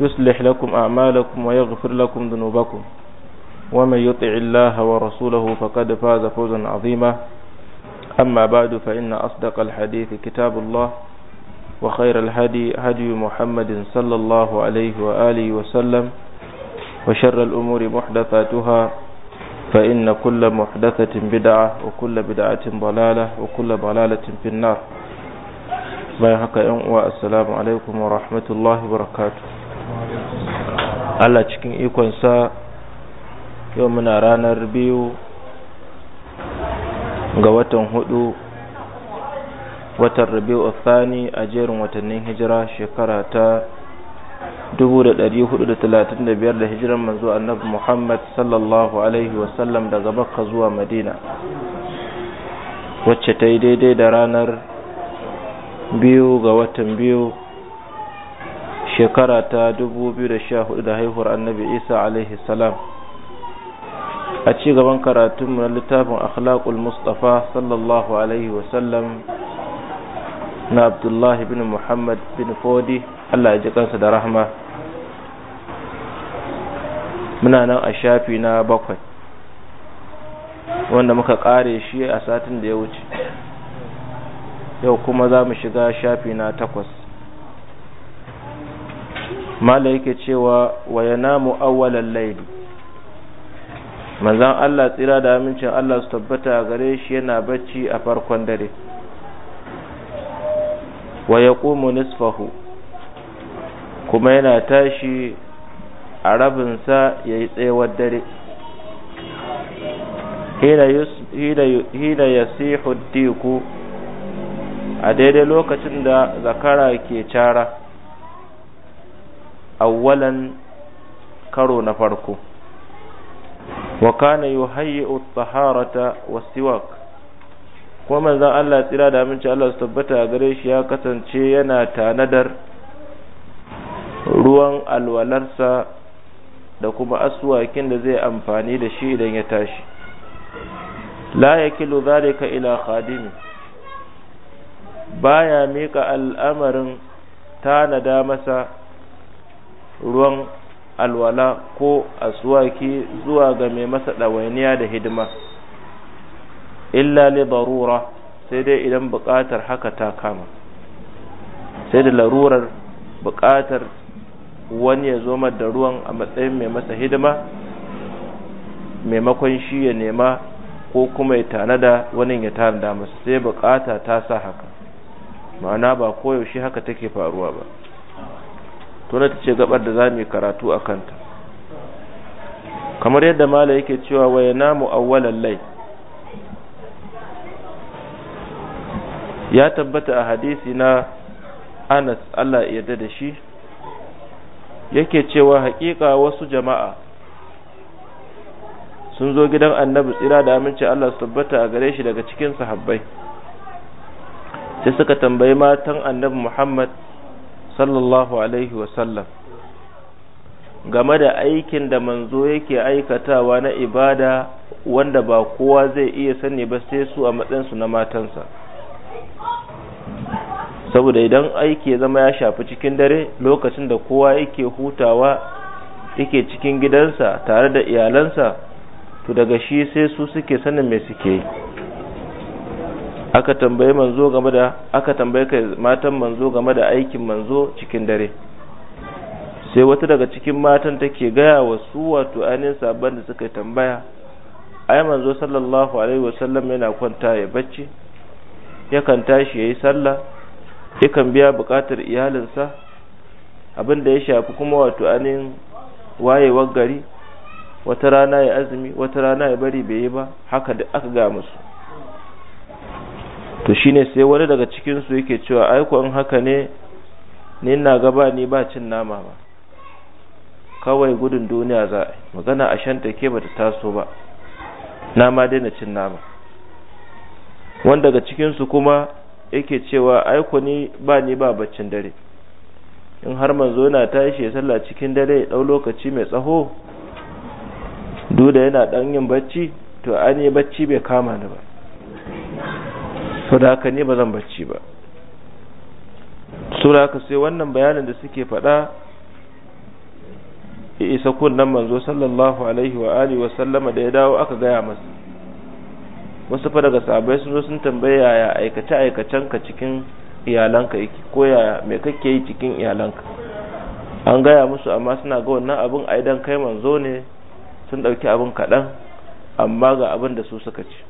يصلح لكم أعمالكم ويغفر لكم ذنوبكم ومن يطع الله ورسوله فقد فاز فوزا عظيما أما بعد فإن أصدق الحديث كتاب الله وخير الهدي هدي محمد صلى الله عليه وآله وسلم وشر الأمور محدثاتها فإن كل محدثة بدعة وكل بدعة ضلالة وكل ضلالة في النار ما يحكى السلام عليكم ورحمة الله وبركاته Allah cikin ikonsa yau muna ranar biyu ga watan hudu watan rabi'u thani a jerin watannin hijira shekara ta 435 da hijiran manzo annabi Muhammad sallallahu alaihi wasallam daga bakka zuwa Madina wacce ta yi daidai da ranar biyu ga watan biyu shekara ta 2014 da haihuwar annabi isa alaihi salam a ci gaban karatun na littafin akhlaqul mustafa sallallahu alaihi wasallam na abdullahi bin muhammad bin fodi allah ji kansa da rahma muna nan a shafi na bakwai wanda muka kare shi a satin da ya wuce yau kuma za mu shiga shafi na takwas mala yake cewa wa yanamu awwalal layl manzan Allah tsira da amincin Allah su tabbata gare shi yana bacci a farkon dare wa yaqumu nisfahu kuma yana tashi a rabinsa yayi tsayawar dare hina yasihu diku a daidai lokacin da zakara ke cara awwalan karo na farko wa kana yuhayyi'u at-taharata was-siwak kuma manzon Allah tsira da aminci Allah su tabbata gare shi ya kasance yana tanadar ruwan alwalarsa da kuma aswakin da zai amfani da shi idan ya tashi la yakilu zalika ila khadimi baya mika al'amarin tanada masa ruwan alwala ko aswaki zuwa ga mai masa ɗawainiya da hidima illa li darura sai dai idan buƙatar haka ta kama sai da larurar buƙatar wani ya zo da ruwan a matsayin mai masa hidima maimakon shi ya nema ko kuma ya tanada wani ya da masa sai bukata ta sa haka ma'ana ba koyaushe haka take faruwa ba to ta ce gabar da za mu karatu a kanta kamar yadda mala yake cewa waya namu awwalan lai ya tabbata a hadisi na Anas Allah yarda da shi yake cewa haƙiƙa wasu jama'a sun zo gidan annabi tsira da aminci Allah su tabbata a gare shi daga cikin sahabbai sai suka tambayi matan annabi Muhammad sallallahu alaihi wasallam game da aikin da manzo yake aikatawa na ibada wanda ba kowa zai iya sani ba sai su a matsayin su na matansa saboda idan aiki ya zama ya shafi cikin dare lokacin da kowa yake hutawa yake cikin gidansa tare da iyalansa to daga shi sai su suke sanin mai suke yi aka tambaye manzo game da aka tambaye kai matan manzo game da aikin manzo cikin dare sai wata daga cikin matan take gaya wa su wato ainihin sabon da suka tambaya ai manzo sallallahu alaihi wasallam yana kwanta ya bacci yakan tashi yayi sallah yakan biya bukatar iyalinsa abin da ya shafi kuma wato ainihin wayewar gari wata rana ya azumi wata rana ya bari bai yi ba haka da aka ga musu to shine sai wani daga cikin su yake cewa aikon haka ne ni na gaba ni ba cin nama ba kawai gudun duniya za a magana a shanta ke bata taso ba nama daina cin nama wanda daga cikin su kuma yake cewa aiko ni ba ni ba baccin dare in har manzo yana tashi ya sallah cikin dare ya dau lokaci mai tsaho duda yana ɗan yin bacci to an yi bacci bai kama ni ba so da haka ne ba zan bacci ba sura da sai wannan bayanin da suke faɗa ya isa kunnan manzo sallallahu alaihi wa alihi wa sallama da ya dawo aka gaya masa wasu fa daga sahabbai sun zo sun tambaya yaya aikace aikacen ka cikin iyalanka yake ko yaya me kake yi cikin iyalanka an gaya musu amma suna ga wannan abin a kai manzo ne sun ɗauki abin kaɗan amma ga abin da su suka ce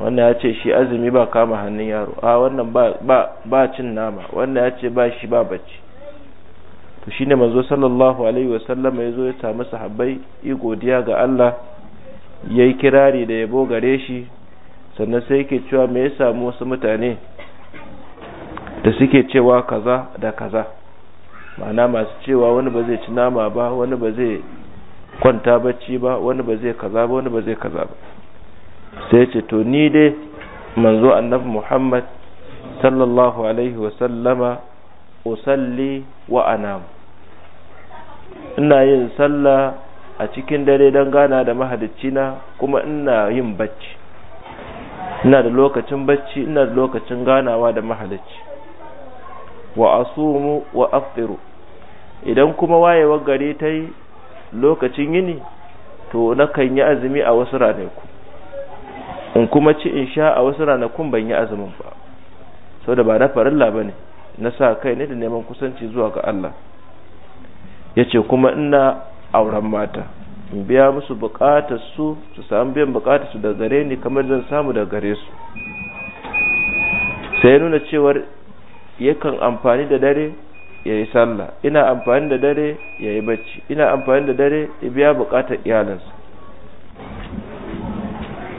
wannan ya ce shi azumi ba kama hannun yaro a wannan ba cin nama wannan ya ce ba shi ba bacci to shi shine manzo sallallahu alaihi wasallama ya zo ya samu sahabbai yi godiya ga Allah ya yi kirari da yabo gare shi sannan sai yake cewa me ya samu wasu mutane da suke cewa kaza da kaza ma'ana masu cewa wani ba zai ci nama ba wani ba zai kwanta bacci ba wani ba zai kaza ba wani ba zai kaza ba sai ce to ni dai manzo annabi muhammad sallallahu alaihi wa sallama, usalli wa anam ina yin sallah a cikin dare don gana da na, kuma ina yin bacci ina da lokacin bacci ina da lokacin ganawa da mahalicci wa asumu wa afiru idan kuma wayewar gari ta yi lokacin yini to na kan yi azumi a wasu ranaku in kuma ci in sha a wasu ranakun ban yi azumin ba da ba na farilla bane na sa kai ne da neman kusanci zuwa ga Allah yace kuma ina auren mata in biya musu bukatar su su samu biyan bukatar su da gare ni kamar zan samu da gare su sai ya nuna cewar yakan amfani da dare ya yi sallah ina amfani da dare ya yi bacci ina amfani da dare ya biya bukatar iyalansa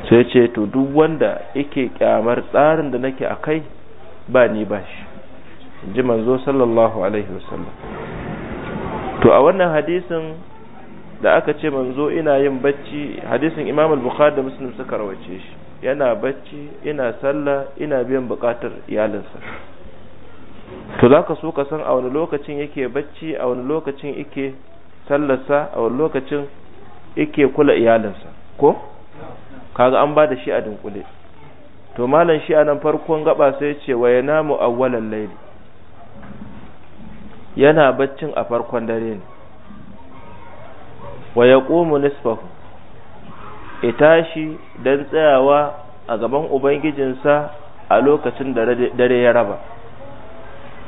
sai ce to duk wanda yake kyamar tsarin da nake akai ba ni ba shi ji manzo sallallahu alaihi wasallam to a wannan hadisin da aka ce manzo ina yin bacci hadisin imam al-bukhari da muslim suka rawace shi yana bacci ina sallah ina biyan bukatar iyalinsa to zaka so ka san a wani lokacin yake bacci a wani lokacin yake sallarsa a wani lokacin yake kula iyalinsa ko kaga an bada shi a dunkule to malam shi nan farkon gaba sai ce wa namu awwalan laili yana baccin a farkon dare ne wa qumu nisfahu itashi dan tsayawa a gaban ubangijinsa a lokacin da dare ya raba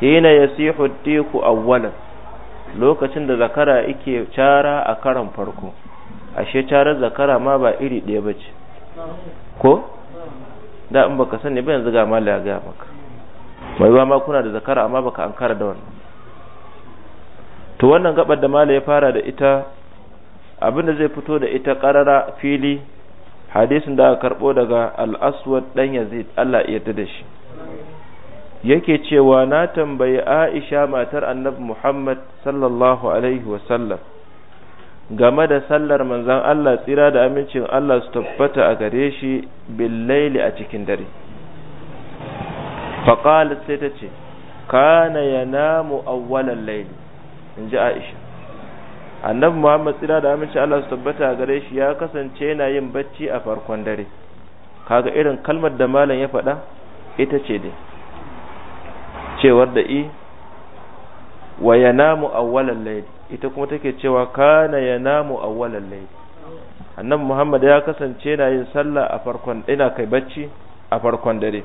hina yasihu tiku awwalan lokacin da zakara yake cara a karan farko ashe carar zakara ma ba iri ɗaya bace ko da in baka sani ba yanzu ga mala ya gaya maka mai ma kuna da zakara amma baka ankara da wannan to wannan gabar da mala ya fara da ita abin da zai fito da ita karara fili hadisin da aka karbo daga al-aswad dan yazid Allah ya yarda da shi yake cewa na tambayi Aisha matar Annabi Muhammad sallallahu alaihi wa sallam. game da sallar manzan Allah tsira da amincin Allah su tabbata a gare shi billaili a cikin dare faƙalat sai ta ce kana ya namu awwalan laili in ji aisha annabi muhammad tsira da amincin Allah su tabbata a gare shi ya kasance yana yin bacci a farkon dare kaga irin kalmar da malam ya faɗa ita ce dai cewar da i wa ya namu awwalan laili ita kuma take cewa kana a awwalal layl annabi Muhammad ya kasance na yin sallah a farkon ina kai bacci a farkon dare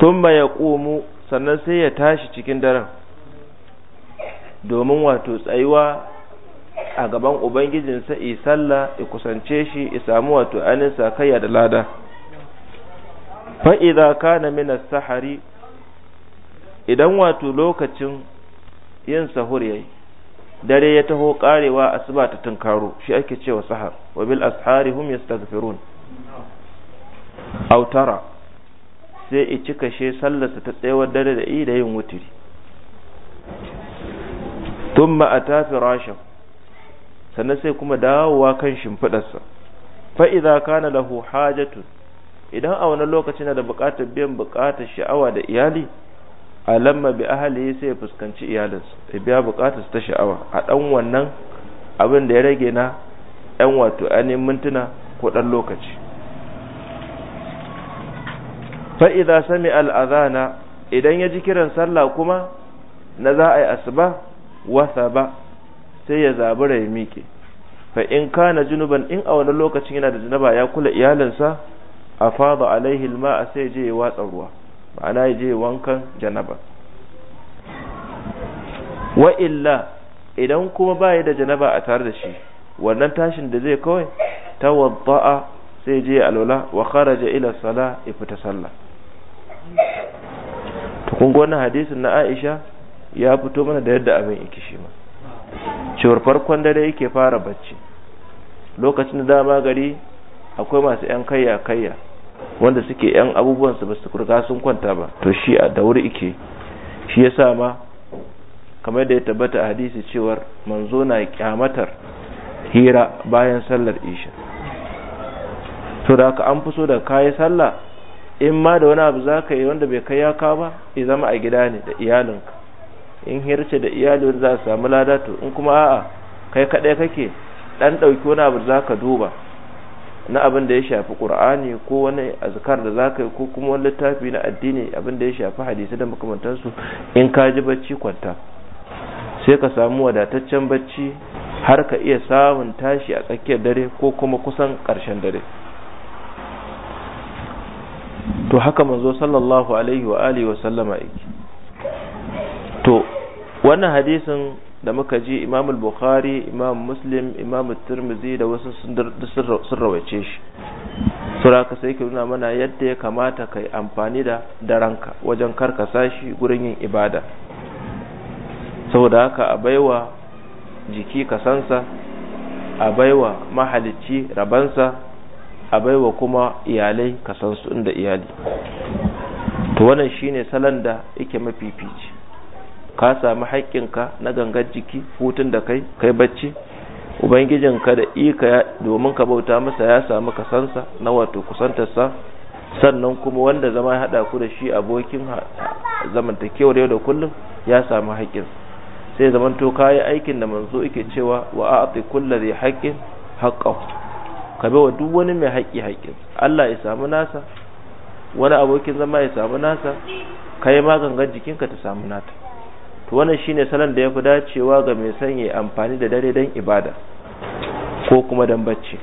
tun ya yaqumu sannan sai ya tashi cikin daren domin wato tsayuwa a gaban ubangijinsa i sallah i kusance shi i samu wato anin kayya da lada fa’iza kana min sahari idan wato lokacin yin sahur yayi dare ya taho karewa asuba ta tunkaro shi ake cewa sahar wa bil ashari hum yastaghfirun aw tara sai i cika she sallarsa ta tsayawar dare da i da yin wutiri thumma ata firasha sannan sai kuma dawowa kan shimfidarsa fa idza kana lahu hajatu idan a wani lokaci na da bukatar biyan bukatar sha'awa da iyali alamma bi ahali sai ya fuskanci iyalinsa ya biya bukatar ta sha'awa a dan wannan abin da ya rage na yan wato ainihin mintuna ko ɗan lokaci fa idza sami al adhana idan ya ji kiran sallah kuma na za a yi asuba wasa ba sai ya zabura ya miƙe fa in kana junuban in a wani lokacin yana da junaba ya kula iyalinsa afada alaihi alma sai je ya watsa ruwa ma'ana ya je wankan janaba wa illa idan kuma baya da janaba a tare da shi wannan tashin da zai kawai tawadda'a sai je alwala wa kharaja ila sala ya fita sallah to kun ga wannan hadisin na Aisha ya fito mana da yadda abin yake shi ma cewar farkon dare yake fara bacci lokacin da dama gari akwai masu yan kayya kayya wanda suke yan abubuwan su basu kurga sun kwanta ba to shi a da wuri ike shi yasa ma kamar da ya tabbata hadisi cewar manzo na kyamatar hira bayan sallar isha to da ka an fi so da kayi sallah in ma da wani abu zaka yi wanda bai kai ya ka ba ya zama a gida ne da iyalinka in hirce da iyali za su samu lada to in kuma a'a kai kaɗai kake ɗan ɗauki wani abu za ka duba na abin da ya shafi qur'ani ko wani azkar da zaka yi ko kuma wani littafi na addini abin da ya shafi hadisi da makamantansu in ka ji bacci kwanta sai ka samu wadataccen bacci har ka iya samun tashi a tsakiyar dare ko kuma kusan ƙarshen dare to haka manzo sallallahu alaihi wa alihi wa sallama yake to wannan hadisin da muka ji imam bukhari imam muslim imam turmizi da wasu sun rawace shi suraka sai ka nuna mana yadda ya kamata ka yi amfani da daranka wajen karkasa shi gurin yin ibada saboda haka a baiwa jiki kasansa a baiwa mahalicci rabansa a baiwa kuma iyalai kasansu inda iyali to wannan shine salon da yake mafifici ka samu haƙƙinka na gangar jiki hutun da kai kai bacci ka da ika domin ka bauta masa ya samu kasansa na wato kusantarsa sannan kuma wanda zama ya haɗa ku da shi abokin zamantakewar yau da kullum ya samu haƙƙin sai zaman to yi aikin da manzo yake cewa wa a'ti kulli zai haƙƙin haƙƙa ka wa duk wani mai haƙƙi haƙƙin Allah ya samu nasa wani abokin zama ya samu nasa kai ma gangan jikinka ta samu nata to wannan shine salon da yafi dacewa ga mai son amfani da dare dan ibada ko kuma dan bacci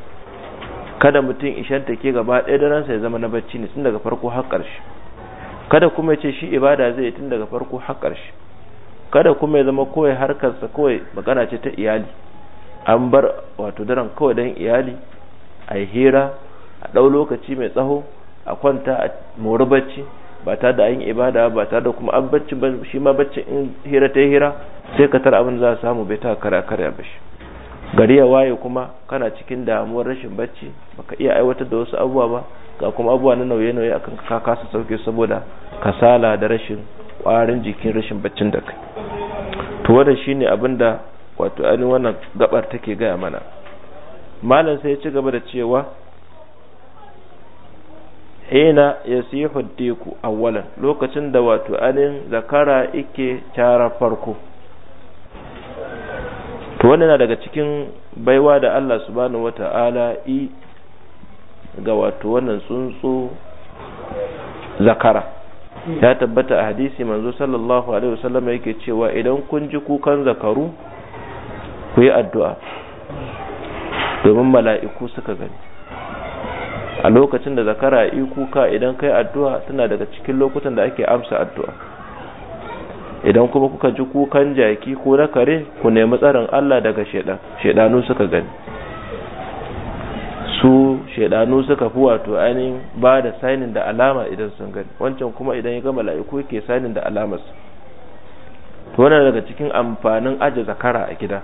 kada mutum ishan take gaba ɗaya daren sa ya zama na bacci ne tun daga farko har ƙarshe kada kuma ya ce shi ibada zai tun daga farko har ƙarshe kada kuma ya zama kawai harkarsa kawai magana ce ta iyali an bar wato daren kawai dan iyali a hira a ɗau lokaci mai tsaho a kwanta a mori bacci ba ta da an ibada ba ta da kuma an bacci shi ma bacci in hira ta hira sai ka tara abin za a samu bai ta kara kara ba shi gari ya waye kuma kana cikin damuwar rashin bacci baka iya aiwatar da wasu abubuwa ba ga kuma abubuwa na nauye-nauye akan ka kasa sauke saboda kasala da rashin kwarin jikin rashin baccin da kai to wannan shine abin da wato ainihin wannan gabar take gaya mana malam sai ya ci gaba da cewa hina ya sihu teku awwalan lokacin da wato anin zakara ike tara farko to wannan na daga cikin baiwa da Allah subhanahu wata'ala i ga wato wannan tsuntsu zakara ya tabbata a hadisi manzo sallallahu alaihi wasallam yake cewa idan kun ji kukan zakaru ku yi addu'a domin mala'iku suka gani a lokacin da zakara yi kuka idan kai addu'a tana daga cikin lokutan da ake amsa addu'a idan kuma kuka ji kukan jaki ko na kare ku nemi tsarin Allah daga shedan shedanu suka gani su shedanu suka fi wato ainihin ba da sainin da alama idan sun gani wancan kuma idan ya ga mala'iku ke sainin da alamarsu to wannan daga cikin amfanin aje zakara a gida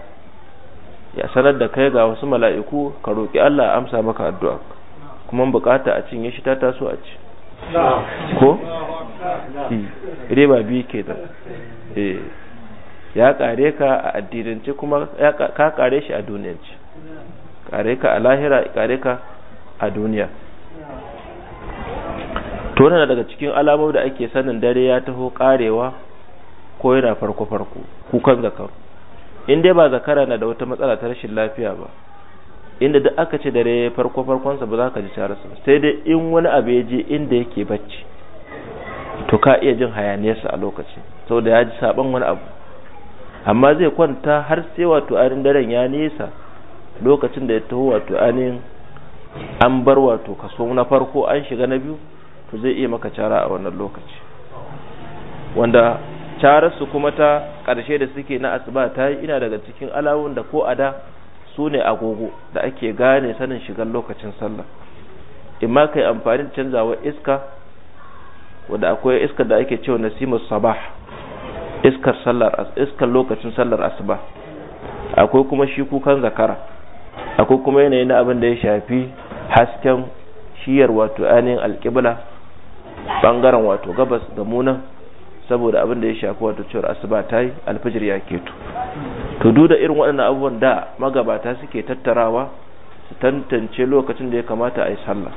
ya sanar da kai ga wasu mala'iku ka roki Allah amsa maka addu'a kuma bukata a cinye shi ta taso a ci ko eh, riba biyu ke da eh, ya kare ka a addinance kuma ka kare shi a duniyance kare ka a lahira kare ka a duniya tona na daga cikin alamomi da ake sanin dare ya taho karewa ko yana farko farko kukan zakaru in dai ba zakara na da wata matsala ta rashin lafiya ba inda duk aka ce dare ya farko farkonsa ba za ka ji cararsa sai dai in wani abu ya je inda yake bacci to ka iya jin hayaniyarsa a lokaci saboda ya ji saban wani abu amma zai kwanta har sai wato ainihin daren ya nisa lokacin da ya taho wato ainihin an bar wato kaso na farko an shiga na biyu to zai iya maka cara a wannan lokaci wanda cararsu kuma ta karshe da suke na asuba ta yi ina daga cikin alawun da ko a da su ne agogo da ake gane sanin shigar lokacin sallah imma kai amfani da canzawa iska wanda akwai iska da ake cewa nasimu sabah iskar sallar iskar lokacin sallar asuba akwai kuma shi kukan zakara akwai kuma yanayi na abin da ya shafi hasken shiyar wato ainihin alƙibla bangaren wato gabas da munan saboda abin da ya shafi wata cewar asuba ta yi alfajir ya keto to duk da irin waɗannan abubuwan da magabata suke tattarawa su tantance lokacin da ya kamata a yi sallah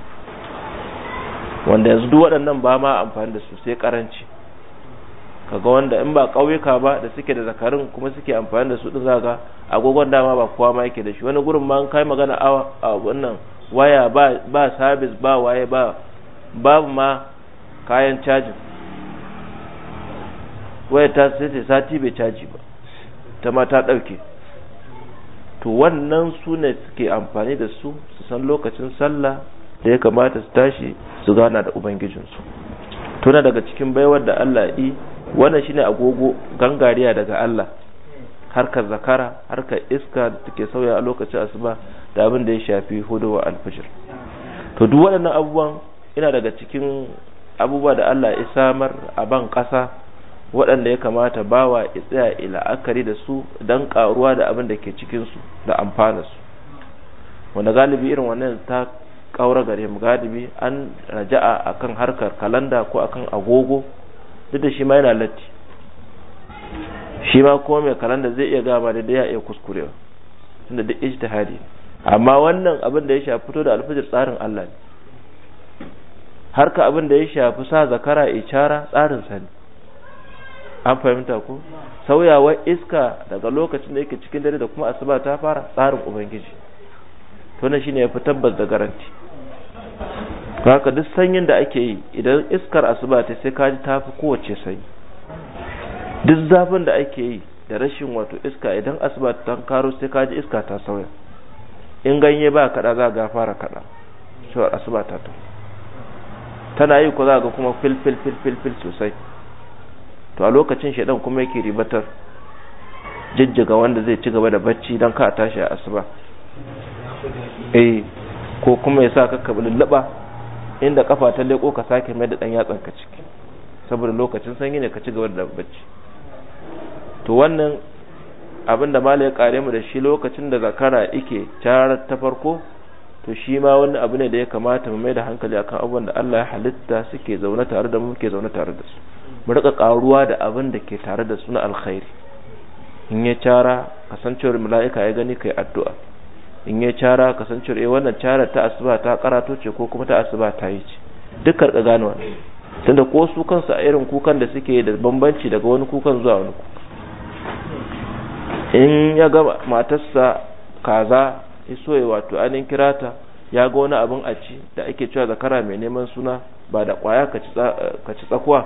wanda yanzu duk waɗannan ba ma amfani da su sai karanci kaga wanda in ba ƙauyuka ba da suke da zakarin kuma suke amfani da su din zaga agogon dama ba kowa ma yake da shi wani gurin ma an kai magana a wannan waya ba ba service ba waye ba babu ma kayan cajin waya ta sai sai sati bai caji ba ta ma ta ɗauke to wannan su ne suke amfani da su su san lokacin sallah da ya kamata su tashi su gana da ubangijinsu tuna daga cikin baiwar da Allah yi wannan shine agogo gangariya daga Allah harkar zakara harkar iska da take sauya a lokacin asuba da abin da ya shafi hudu wa alfijir to duk waɗannan abubuwan ina daga cikin abubuwa da Allah ya samar a ban ƙasa waɗanda ya kamata bawa ya tsaya ila akari da su dan karuwa da abin da ke cikinsu da amfanarsu wanda galibi irin wannan ta kaura gare mu galibi an raja'a akan harkar kalanda ko akan agogo duk da shi ma yana latti shi ma kuma mai kalanda zai iya gama da ya iya kuskurewa tunda duk ijtihadi amma wannan abin da ya shafi fito da alfijir tsarin Allah ne harka abin da ya shafi sa zakara icara tsarin sani an fahimta ko sauyawar iska daga lokacin da yake cikin dare da kuma asuba ta fara tsarin ubangiji to na shine ya fi tabbas da garanti haka duk sanyin da ake yi idan iskar asuba ta sai kaji ta fi kowace sanyi duk zafin da ake yi da rashin wato iska idan asuba ta karo sai kaji iska ta sauya in ganye ba kada za ga fara kada shawar asuba ta tana yi ko za ga kuma fil fil fil fil sosai to a lokacin shaidan kuma yake ribatar jijjiga wanda zai ci gaba da bacci don ka tashi a asuba eh ko kuma ya sa ka ka lullaba inda kafa ta leko ka sake mai da dan yatsan ka ciki saboda lokacin sanyi ne ka ci gaba da bacci to wannan abin da malai ya kare mu da shi lokacin da zakara yake carar ta farko to shi ma wani abu ne da ya kamata mu mai da hankali akan abubuwan da Allah ya halitta suke zaune tare da mu muke zaune tare da su mu rika karuwa da abin da ke tare da suna alkhairi in ya cara kasancewar mala'ika ya gani kai addu'a in ya cara kasancewar eh wannan cara ta asuba ta karato ce ko kuma ta asuba ta yi ce duk karka gane wannan tunda ko su kansu a irin kukan da suke da bambanci daga wani kukan zuwa wani kukan in ya ga matarsa kaza ya wato anin kirata ya ga wani abin a ci da ake cewa zakara mai neman suna ba da kwaya ka ci tsakuwa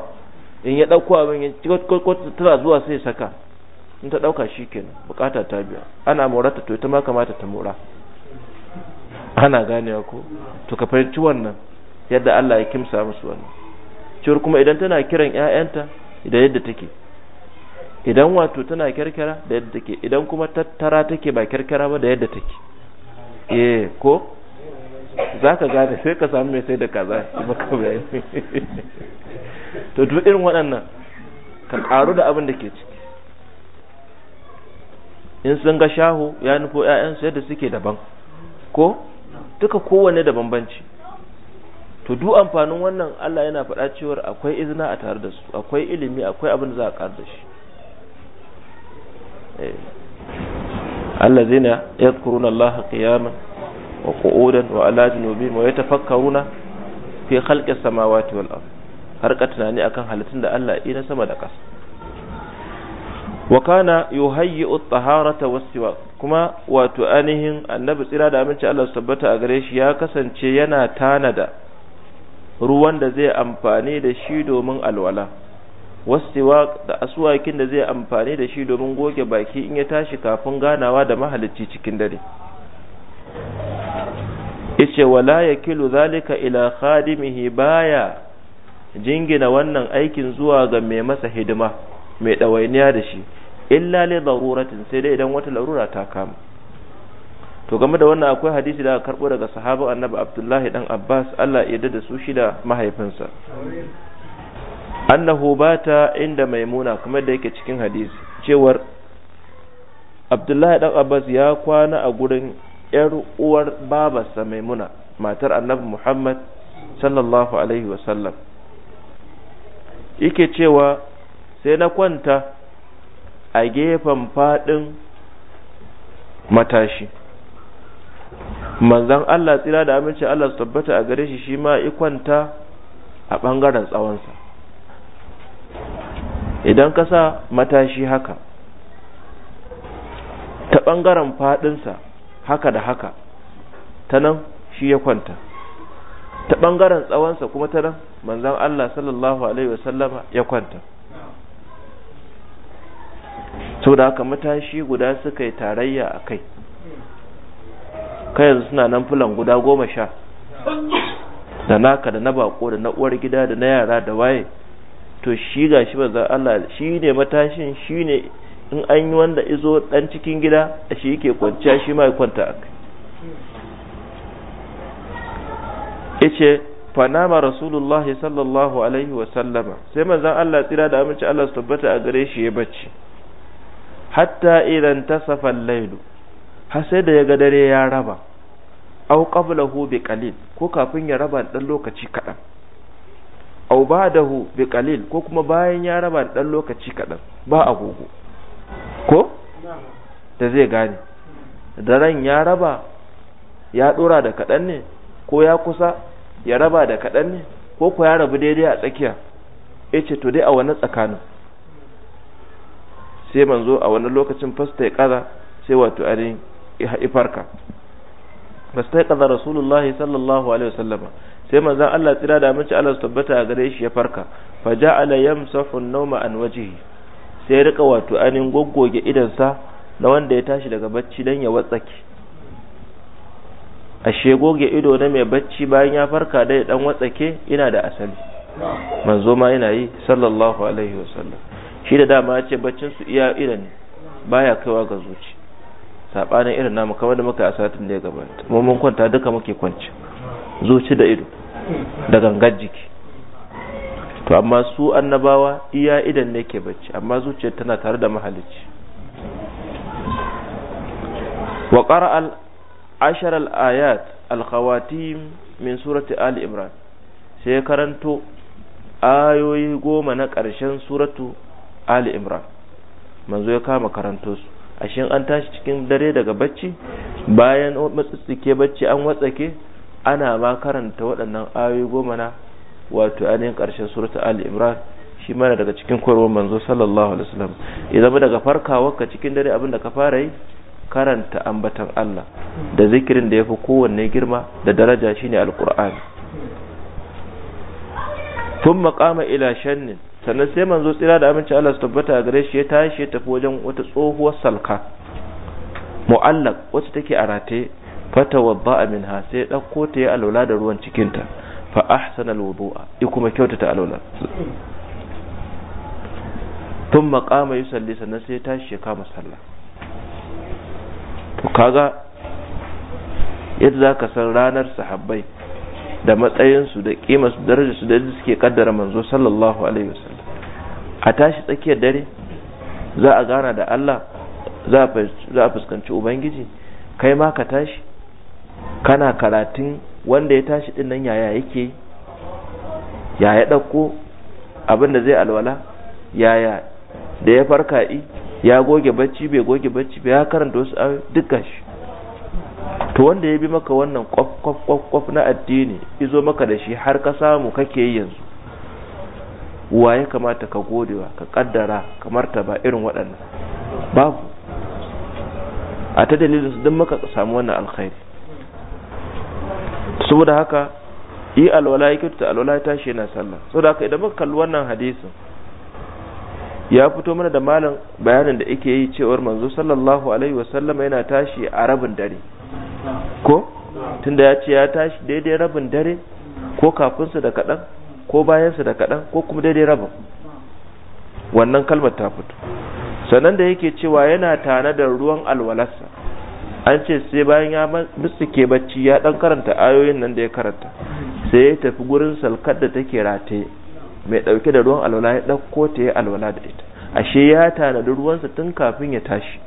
in ya ɗauko abin ya ko tana zuwa sai ya saka in ta ɗauka shi kenan bukata ta biya ana morata to ita ma kamata ta mora ana gane ko to ka fahimci wannan yadda Allah ya kimsa musu wannan cewar kuma idan tana kiran ƴaƴanta da yadda take idan wato tana kirkira da yadda take idan kuma tattara take ba kirkira ba da yadda take eh ko zaka gane sai ka samu mai sai da kaza ka bayani to duk irin waɗannan ka ƙaru da abin da ke ciki in sun ga shahu ya nufo ‘ya'yansu yadda suke daban ko duka kowane da bambanci to duk amfanin wannan Allah yana faɗa cewar akwai izina a tare da su akwai ilimi akwai abin da za a ƙar da shi eh. Allah zina ya kuruna Allah qiyaman wa qu'udan wa ala junubihim wa yatafakkaruna fi khalqis samawati wal ardh har ka tunani akan halittun da Allah ya sama da ƙasa wa kana yuhayyi'u at-taharata was-siwak kuma wato anihin annabi tsira da aminci Allah su tabbata a gare shi ya kasance yana tanada ruwan da zai amfani da shi domin alwala was da aswakin da zai amfani da shi domin goge baki in ya tashi kafin ganawa da mahalicci cikin dare yace wala yakilu zalika ila khadimihi baya jingina wannan aikin zuwa ga mai masa hidima mai ɗawainiya da shi illa li daruratin sai dai idan wata larura ta kama to game da wannan akwai hadisi da aka karbo daga sahaban annabi abdullahi dan abbas Allah ya yarda da su shi da mahaifinsa annahu bata inda maimuna kamar da yake cikin hadisi cewar abdullahi dan abbas ya kwana a gurin yar uwar babarsa maimuna matar annabi muhammad sallallahu alaihi wasallam yake cewa sai na kwanta a gefen faɗin matashi manzan Allah tsira da aminci Allah su tabbata a gare shi shi ma kwanta a ɓangaren tsawonsa idan ka sa matashi haka ta ɓangaren faɗinsa haka da haka ta nan shi ya kwanta ta bangaren tsawonsa kuma ta nan manzon Allah sallallahu alaihi wasallama ya kwanta sau da haka matashi guda suka yi tarayya a kai kai suna nan fulan guda goma sha da naka da na bako da na uwar gida da na yara da waye to shi ga shi manzon Allah shi ne matashin shi ne in an yi wanda izo dan cikin gida a shi yake kwanciya shi ma ya kwanta a kai yace fanama rasulullahi sallallahu alaihi wa sallama sai manzon Allah tsira da amince Allah su tabbata a gare shi ya bacci hatta idan ta al-layl har sai da ya ga dare ya raba aw qablahu bi qalil ko kafin ya raba dan lokaci kadan aw ba'dahu bi qalil ko kuma bayan ya raba dan lokaci kadan ba agogo ko da zai gane daren ya raba ya dora da kadan ne ko ya kusa ya raba da kaɗan ne ko ku ya rabu daidai a tsakiya ya ce to dai a wani tsakanin sai manzo a wani lokacin fasta ya ƙaza sai wato ainihin ifarka fasta ya ƙaza rasulullahi sallallahu alaihi wasallam sai manzo Allah tsira da mace Allah su tabbata a gare shi ya farka fa ja'ala yamsahu an-nawma an wajhi sai rika wato anin goggoge idansa na wanda ya tashi daga bacci dan ya watsake ashe goge ido na mai bacci bayan ya farka da dan watsake ina da asali manzo ma yana yi sallallahu alaihi wasallam shi da dama ya ce baccin su iya irin baya kaiwa ga zuci sabanin irin namu kamar da muka asatin da ya gabata mu mun kwanta duka muke kwanci zuci da ido da gangar jiki to amma su annabawa iya idan ne ke bacci amma zuciyar tana tare da mahalicci wa qara'a ashar al-ayat al min surati ali imran sai ya karanto ayoyi goma na ƙarshen suratu ali imran manzo ya kama karanto su ashe an tashi cikin dare daga bacci bayan matsitsike bacci an watsake ana ma karanta waɗannan ayoyi goma na wato ainihin ƙarshen suratu ali imran shi mana daga cikin koyarwar manzo sallallahu alaihi wasallam ya zama daga farkawarka cikin dare abin da ka fara yi karanta ambatan Allah da zikirin da ya fi kowanne girma da daraja shine alkur'ani tun makama ila shannin sannan sai manzo tsira da aminci Allah su tabbata a gare shi ya tashi ya tafi wajen wata tsohuwar salka muallak wacce take a rataye fata wadda minha sai ɗauko ta ya alula da ruwan cikinta fa ahsana alwudu'a ya kuma kyautata alula tun makama yusalli sannan sai ya tashi ya kama sallah to kaga yadda za ka san ranar sahabbai da matsayinsu da kima su daraja su da suke kaddara manzo sallallahu alaihi wasallam a tashi tsakiyar dare za a gana da Allah za a fuskanci ubangiji kai ma ka tashi kana karatun wanda ya tashi din nan yaya yake yaya ɗauko abin da zai alwala yaya da ya farka i ya goge bacci bai goge bacci bai ya karanta wasu ayoyi duka shi. to wanda ya bi maka wannan kwaf kwaf kwaf na addini izo maka da shi har ka samu kake yi yanzu wa ya kamata ka godewa ka kaddara kamar ta ba irin waɗannan babu a ta dalilin su don maka samu wannan alkhairi saboda haka yi alwala ya kyauta alwala ya tashi yana sallah saboda haka idan muka kalli wannan hadisin ya fito mana da malam bayanin da yake yi cewar manzo sallallahu alaihi wasallam yana tashi a rabin dare ko tunda ya ce ya tashi daidai rabin dare ko kafinsa da kaɗan ko bayansa da kaɗan ko kuma daidai rabin wannan kalmar ta fito sannan da yake cewa yana tana da ruwan alwalarsa an ce sai bayan ya mutsike bacci ya ɗan karanta ayoyin nan da ya karanta sai ya tafi gurin salkar da take rataye mai ɗauke da ruwan alwala ya ɗauko ta ya alwala da ita ashe ya tanadi ruwansa tun kafin ya tashi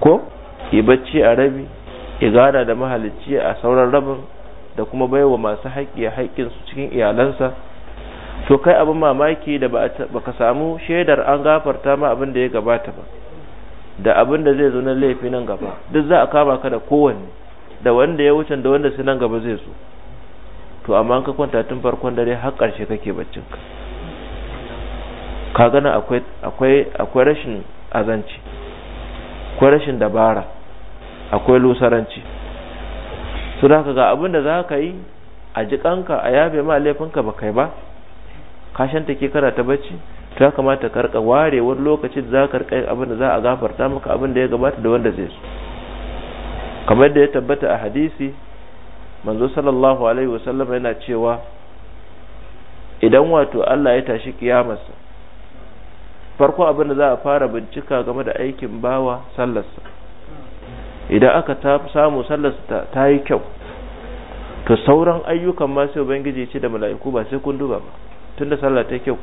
ko ya bacci a rabi ya gada da mahalicci a sauran rabin da kuma baiwa masu haƙƙi su cikin iyalansa to kai abin mamaki da baka samu shaidar an gafarta ma abin da ya gabata ba da abin da zai zo na laifi nan gaba duk za a kama ka da kowanne da wanda ya wuce da wanda sai nan gaba zai zo to amma ka kwanta tun farkon dare har ƙarshe kake baccin ka ka gana akwai akwai rashin azanci akwai rashin dabara akwai lusaranci su da ka ga abin da za ka yi a jikanka a yabe ma laifinka ba kai ba ka shanta ke kana ta bacci to ya kamata ka rika ware wani lokacin za ka rika abin da za a gafarta maka abin da ya gabata da wanda zai so kamar da ya tabbata a hadisi manzo sallallahu alaihi wasallam yana cewa idan wato Allah ya tashi kiyamarsa farko abin da za a fara bincika game da aikin bawa sallarsa idan aka samu sallarsa ta yi kyau to sauran ayyukan ma sai ubangiji ce da mala'iku ba sai kun duba ba tunda sallar ta kyau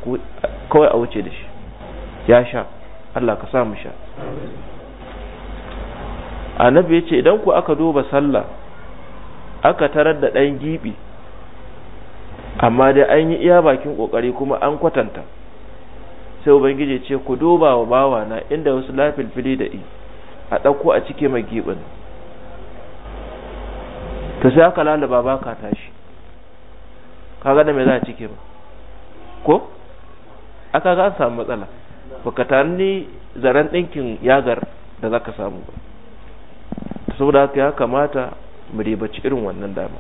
kawai a wuce da shi ya sha Allah ka sa mu sha annabi ya ce idan ku aka duba sallah aka tarar da ɗan gibi amma dai an yi iya bakin ƙoƙari kuma an kwatanta sai ubangiji ce ku duba wa bawa na inda wasu fili da i a ɗauko a cike mai gibin to sai aka lalaba ba ka tashi kaga da me za a cike ba ko aka ga samu matsala baka ni zaren ɗinkin yagar da zaka samu ba saboda haka ya kamata mu ribaci irin wannan dama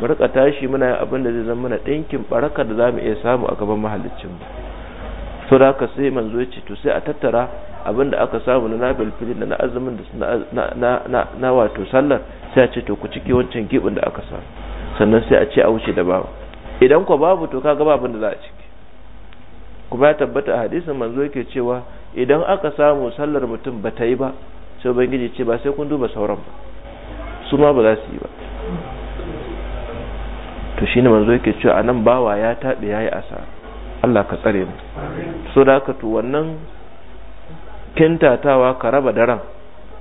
mu rika tashi muna yin abin da zai zama mana ɗinkin baraka da zamu iya samu a gaban mahaliccin mu to da haka sai manzo ya to sai a tattara abin da aka samu na nabil fil da na azumin da na na na wato sallar sai a ce to ku cike wancan gibin da aka samu sannan sai a ce a wuce da babu idan ko babu to kaga ba abin da za a ciki kuma ya tabbata a hadisin manzo yake cewa idan aka samu sallar mutum ba ta yi ba sai ubangiji ce ba sai kun duba sauran ba su ma ba za su yi ba to shi ne manzo yake cewa anan bawa ya taɓe yayi asa Allah ka tsare mu so da haka to wannan kintatawa ka raba daren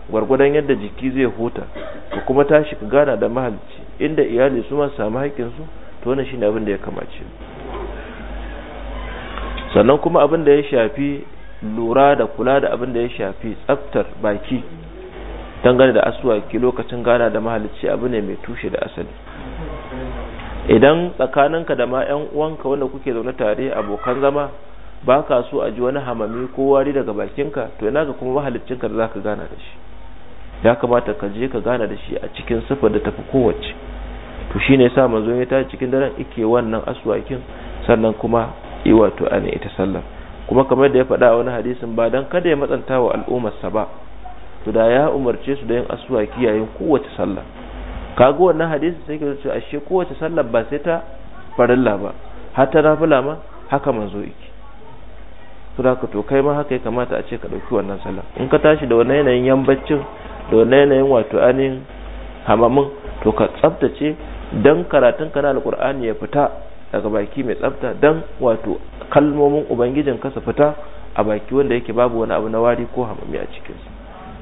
gwargwadon yadda jiki zai huta ka kuma tashi ka gana da mahalicci inda iyali su ma samu haƙƙin su to wannan shine abin da ya kamace sannan kuma abin da ya shafi lura da kula da abin da ya shafi tsaftar baki dangane da asuwaki lokacin gana da mahalicci abu ne mai tushe da asali idan tsakaninka da ma 'yan uwanka wanda kuke zaune tare abokan zama ba ka so a ji wani hamami ko wari daga bakinka to ina ga kuma mahaliccinka da za ka gana da shi ya kamata ka je ka gana da shi a cikin siffar da tafi kowace to shine yasa manzo ya ta cikin daren ike wannan aswakin sannan kuma yi wato ana ita sallar kuma kamar da ya faɗa wani hadisin ba dan kada ya matsanta wa al'ummar sa ba to da ya umarce su da yin asuwa kiyayen kowace sallah kaga wannan hadisi sai ka ce ashe kowace sallah ba sai ta farilla ba har ta nafila ma haka manzo yake to da to kai ma haka ya kamata a ce ka dauki wannan sallah in ka tashi da wannan yanayin yambaccin da wannan yanayin wato anin hamamin to ka tsaftace dan karatun kana na alqur'ani ya fita daga baki mai tsafta dan wato kalmomin ubangijin ka su fita a baki wanda yake babu wani abu na wari ko hamami a cikinsa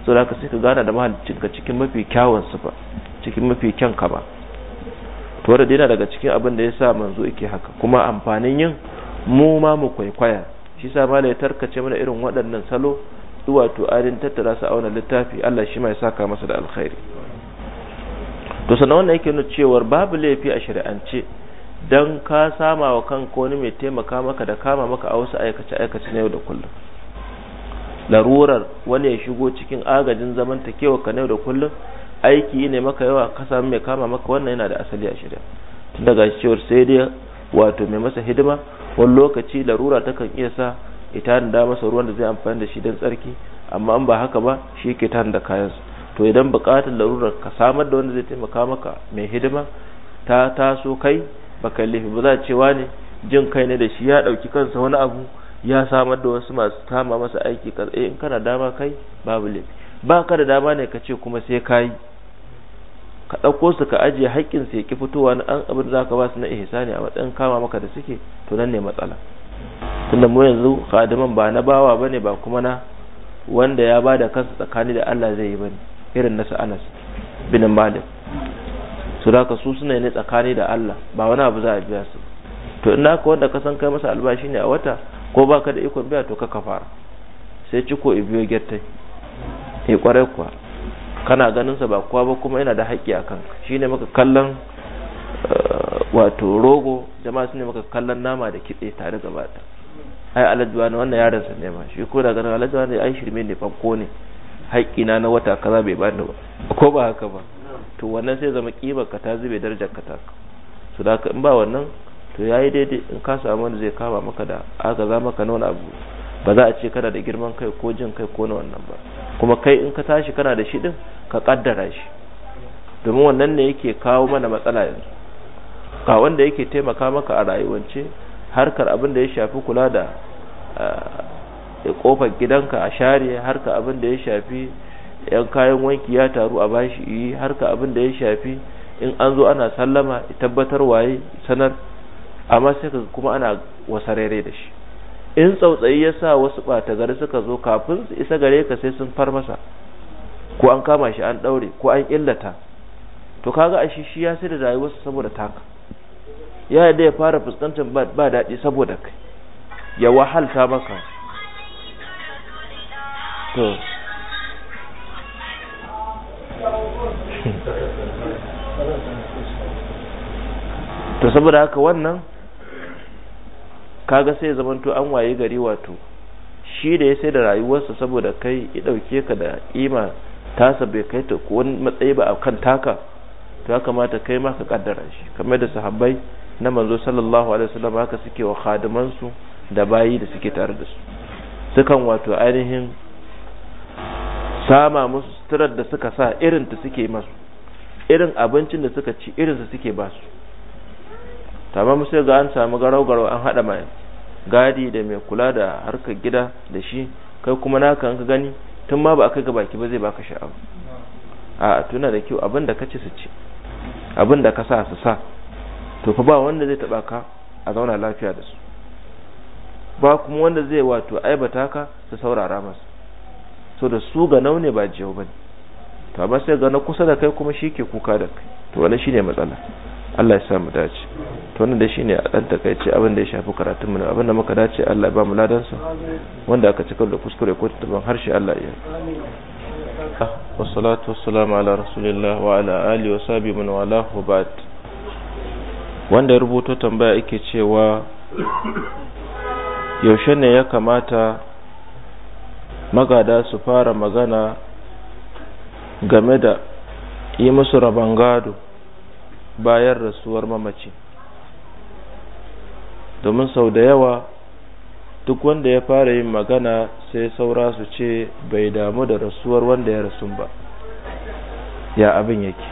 so da sai ka gana da mahaliccinka cikin mafi kyawun sifa cikin mafi kyan ka ba to da yana daga cikin abin da ya sa manzo yake haka kuma amfanin yin mu ma mu kwaikwaya shi sa mala ya tarkace mana irin waɗannan salo wato arin tattara su auna littafi Allah shi ma ya saka masa da alkhairi to sanan wannan yake nuna cewa babu laifi a shari'ance dan ka sama wa kanka wani mai taimaka maka da kama maka a wasu aikace aikace na yau da kullum larurar wani ya shigo cikin agajin zaman ta kewa ka da kullum aiki ne maka yawa ka samu mai kama maka wannan yana da asali a shirya tun daga cewar sai dai wato mai masa hidima wani lokaci larura takan iya sa ita da masa ruwan da zai amfani da shi don tsarki amma in ba haka ba shi ke tan da kayansu to idan buƙatar larurar ka samar da wanda zai taimaka maka mai hidima ta taso kai baka laifi ba za a cewa ne jin kai ne da shi ya ɗauki kansa wani abu ya samar da wasu masu kama masa aiki kaza eh in kana dama kai babu laifi ba ka da dama ne ka ce kuma sai ka yi ka ɗauko su ka ajiye haƙƙin su ya ki fitowa na an abin za ka ba su na ihsani a matsayin kama maka da suke to nan ne matsala tunda mu yanzu khadiman ba na bawa bane ba kuma na wanda ya ba da kansa tsakani da Allah zai yi bane irin na su Anas bin Malik su da ka su suna ne tsakani da Allah ba wani abu za a biya su to in naka wanda ka san kai masa albashi ne a wata ko baka da ikon biya to ka kafara sai ko ibiyo gettai eh kwarai kuwa kana ganin sa ba kowa ba kuma yana da haƙƙi akan shine maka kallon uh, wato rogo jama'a sune ne maka kallon nama da kitse tare gaba ta ai alajuwa ne wannan yaron sa ne ma shi ko da ganin alajuwa ne ai shirme ne ko ne haƙƙina na wata kaza bai bani ba ko ba haka ba to wannan sai zama kibar ka ta zube darajar ka ta su da in ba wannan to yayi daidai in ka samu wanda zai kama maka da za maka na wani abu ba za a ce kana da girman kai ko jin kai ko na wannan ba kuma kai in ka tashi kana da shi din ka kaddara shi domin wannan ne yake kawo mana matsala yanzu ka wanda yake taimaka maka a rayuwance harkar abin da ya shafi kula da kofar eh, gidanka a share harka abin da ya shafi yan kayan wanki ya taru a bashi yi harka abin da ya shafi in an zo ana sallama tabbatar waye sanar amma sai ka kuma ana wasarere da shi in tsautsayi ya sa wasu bata gari suka zo kafin su isa gare ka sai sun far masa ko an kama shi an ɗaure ko an illata to kaga a shi shi ya sai da rayuwarsa saboda taka ya yadda ya fara fuskantar ba daɗi saboda kai ya wahalta maka to to saboda haka wannan kaga sai zamanto an waye gari wato shi da ya sai da rayuwarsa saboda kai ya ɗauke ka da ima ta bai kai ta wani matsayi ba a kan taka to ya kamata kai ma ka kaddara shi kamar da sahabbai na manzo sallallahu alaihi wasallam haka suke wa su da bayi da suke tare da su sukan wato ainihin sama musu suturar da suka sa irin ta suke masu irin abincin da suka ci irin su suke basu amma mu sai ga an samu garau garau an hada mai gadi da mai kula da harkar gida da shi kai kuma naka an ka gani tun ma ba a kai ga baki ba zai baka sha'awa a tuna da kyau abin da ka ci su ci abin da ka sa su sa to fa ba wanda zai taba ka a zauna lafiya da su ba kuma wanda zai wato aibata ka su saurara masu so da su ga naune ba jiyau ba ne to amma sai ga na kusa da kai kuma shi ke kuka da kai to wani shine matsala Allah ya sa mu dace to wannan dai shine a dan takaice abin da ya shafi karatun mu abin da muka dace Allah ba mu ladan su wanda aka cika da kuskure ko tuban harshe Allah ya ah, salatu wassalamu ala rasulillah wa ala alihi wa sahbihi man wala hubat. wanda ya rubuto tambaya yake cewa yaushe ne ya kamata magada su fara magana game da yi musu rabon gado bayan rasuwar mamaci domin sau da yawa duk wanda ya fara yin magana sai saura su ce bai damu da rasuwar wanda ya rasu ba ya abin yake